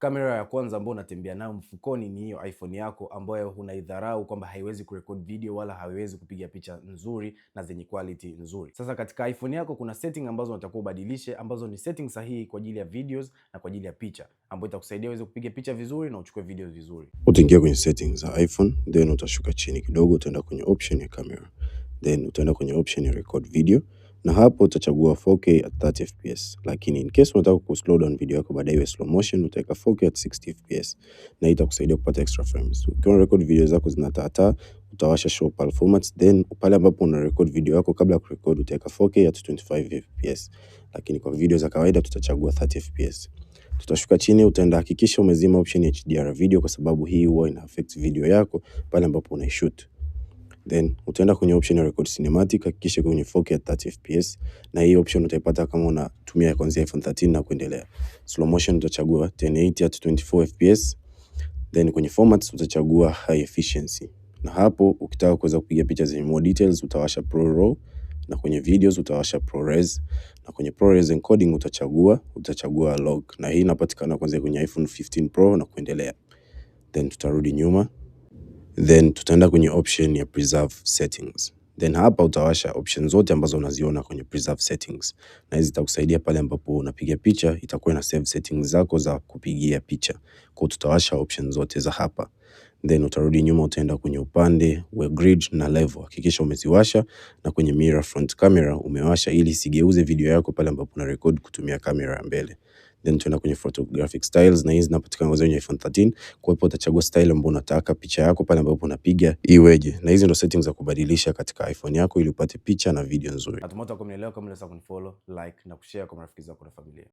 Kamera ya kwanza ambayo unatembea nayo mfukoni ni hiyo iPhone yako ambayo unaidharau kwamba haiwezi kurekodi video wala haiwezi kupiga picha nzuri na zenye quality nzuri. Sasa katika iPhone yako kuna setting ambazo unatakiwa ubadilishe, ambazo ni setting sahihi kwa ajili ya videos na kwa ajili ya picha, ambayo itakusaidia uweze kupiga picha vizuri na uchukue video vizuri. Utaingia kwenye settings za iPhone, then utashuka chini kidogo, utaenda kwenye option ya camera, then utaenda kwenye option ya record video na hapo utachagua 4K at 30 fps, lakini in case unataka ku slow down video yako baadaye iwe slow motion utaweka 4K at 60 fps na itakusaidia kupata extra frames. Ukiona record video zako zinataataa, utawasha show PAL formats, then pale ambapo una record video yako, kabla ya kurecord utaweka 4K at 25 fps, lakini kwa video za kawaida tutachagua 30 fps. Tutashuka chini, utaenda hakikisha umezima option HDR video, kwa sababu hii huwa ina affect video yako pale ambapo unaishoot. Then utaenda kwenye option ya record cinematic, hakikisha kwenye 4K at 30 fps, na hii option utaipata kama unatumia kuanzia iPhone 13 na kuendelea. Slow motion utachagua 1080 at 24 fps, then kwenye format utachagua high efficiency, na hapo ukitaka kuweza kupiga picha zenye more details utawasha Pro Raw na kwenye videos utawasha pro res, na kwenye pro res encoding utachagua utachagua log, na hii inapatikana kuanzia kwenye iPhone 15 Pro na kuendelea, then tutarudi nyuma Then tutaenda kwenye option ya preserve settings. Then hapa utawasha options zote ambazo unaziona kwenye preserve settings, na hizi zitakusaidia pale ambapo unapiga picha, itakuwa na save settings zako za kupigia picha. Kwa tutawasha options zote za hapa, then utarudi nyuma, utaenda kwenye upande wa grid na level, hakikisha umeziwasha, na kwenye mirror front camera umewasha, ili sigeuze video yako pale ambapo una record kutumia kamera ya mbele then tuenda kwenye photographic styles, na hizi zinapatikana kwenye iPhone 13. Kwa hiyo utachagua style ambayo unataka picha yako pale ambapo unapiga iweje, na hizi ndo settings za kubadilisha katika iPhone yako ili upate picha na video nzuri. Natumai utakuwa Kama unaweza kunifollow, like na kushare kwa marafiki zako na familia.